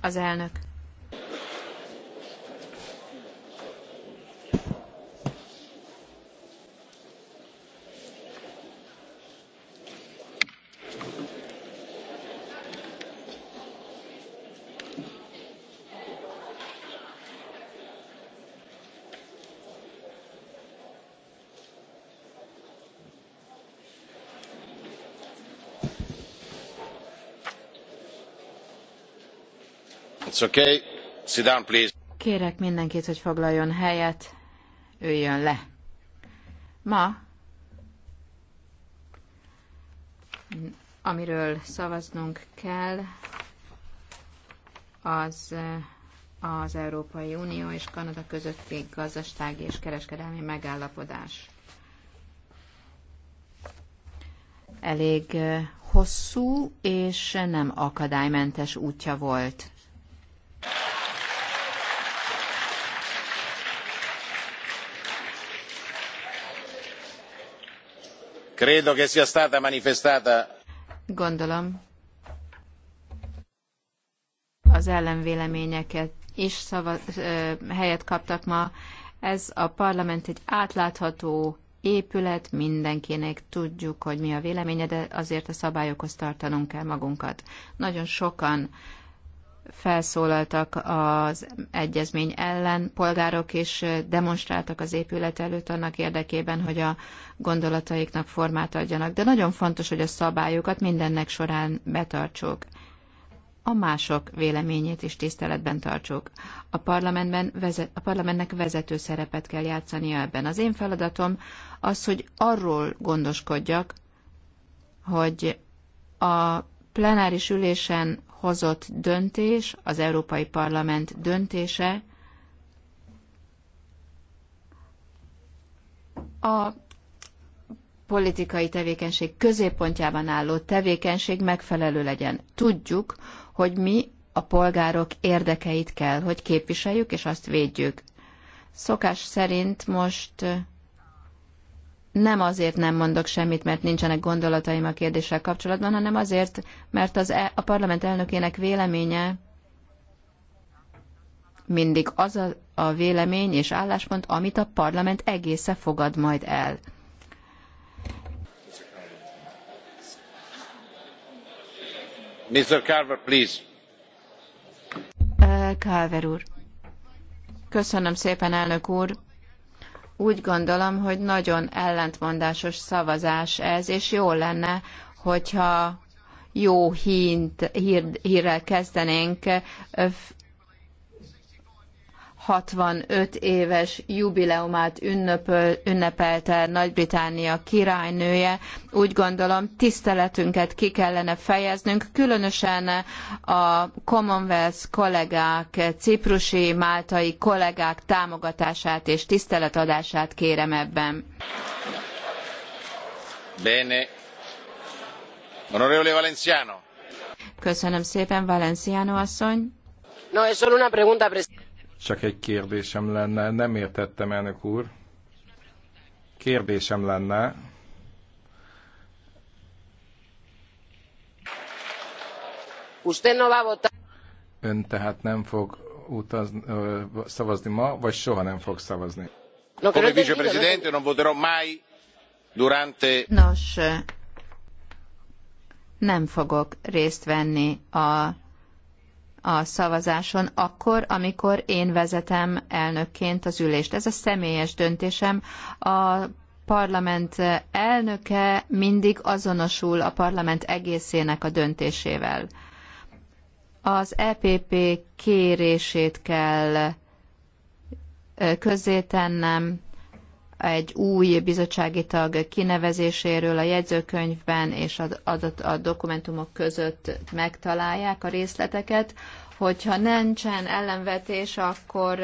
Az elnök. Kérek mindenkit, hogy foglaljon helyet, üljön le. Ma, amiről szavaznunk kell, az eh, az Európai Unió és Kanada közötti gazdasági és kereskedelmi megállapodás. Elég eh, hosszú és nem akadálymentes útja volt Credo che sia stata manifestata. Gondolom. Az ellenvéleményeket is szava, helyet kaptak ma. Ez a parlament egy átlátható épület, mindenkinek tudjuk, hogy mi a véleménye, de azért a szabályokhoz tartanunk kell magunkat. Nagyon sokan felszólaltak az egyezmény ellen, polgárok is demonstráltak az épület előtt annak érdekében, hogy a gondolataiknak formát adjanak. De nagyon fontos, hogy a szabályokat mindennek során betartsuk. A mások véleményét is tiszteletben tartsuk. A, parlamentben vezet, a parlamentnek vezető szerepet kell játszania ebben. Az én feladatom az, hogy arról gondoskodjak, hogy a plenáris ülésen hozott döntés, az Európai Parlament döntése a politikai tevékenység középpontjában álló tevékenység megfelelő legyen. Tudjuk, hogy mi a polgárok érdekeit kell, hogy képviseljük és azt védjük. Szokás szerint most nem azért nem mondok semmit, mert nincsenek gondolataim a kérdéssel kapcsolatban, hanem azért, mert az e, a parlament elnökének véleménye mindig az a, a vélemény és álláspont, amit a parlament egésze fogad majd el. Mr. Carver, please. Carver úr. Köszönöm szépen, elnök úr úgy gondolom, hogy nagyon ellentmondásos szavazás ez, és jó lenne, hogyha jó hínt, hír, hírrel kezdenénk, 65 éves jubileumát ünnöpöl, ünnepelte Nagy-Britannia királynője. Úgy gondolom, tiszteletünket ki kellene fejeznünk, különösen a Commonwealth kollégák, ciprusi, máltai kollégák támogatását és tiszteletadását kérem ebben. Bene. Honorevole Valenciano. Köszönöm szépen, Valenciano asszony. No, es solo una pregunta, presidente. Csak egy kérdésem lenne, nem értettem, elnök úr. Kérdésem lenne. Ön tehát nem fog utazni, szavazni ma, vagy soha nem fog szavazni? Come vicepresidente non voterò mai durante... Nos, nem fogok részt venni a a szavazáson akkor, amikor én vezetem elnökként az ülést. Ez a személyes döntésem. A parlament elnöke mindig azonosul a parlament egészének a döntésével. Az EPP kérését kell közzétennem, egy új bizottsági tag kinevezéséről a jegyzőkönyvben és a, a, a dokumentumok között megtalálják a részleteket. Hogyha nincsen ellenvetés, akkor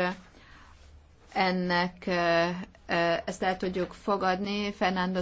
ennek eh, eh, ezt el tudjuk fogadni. Fernando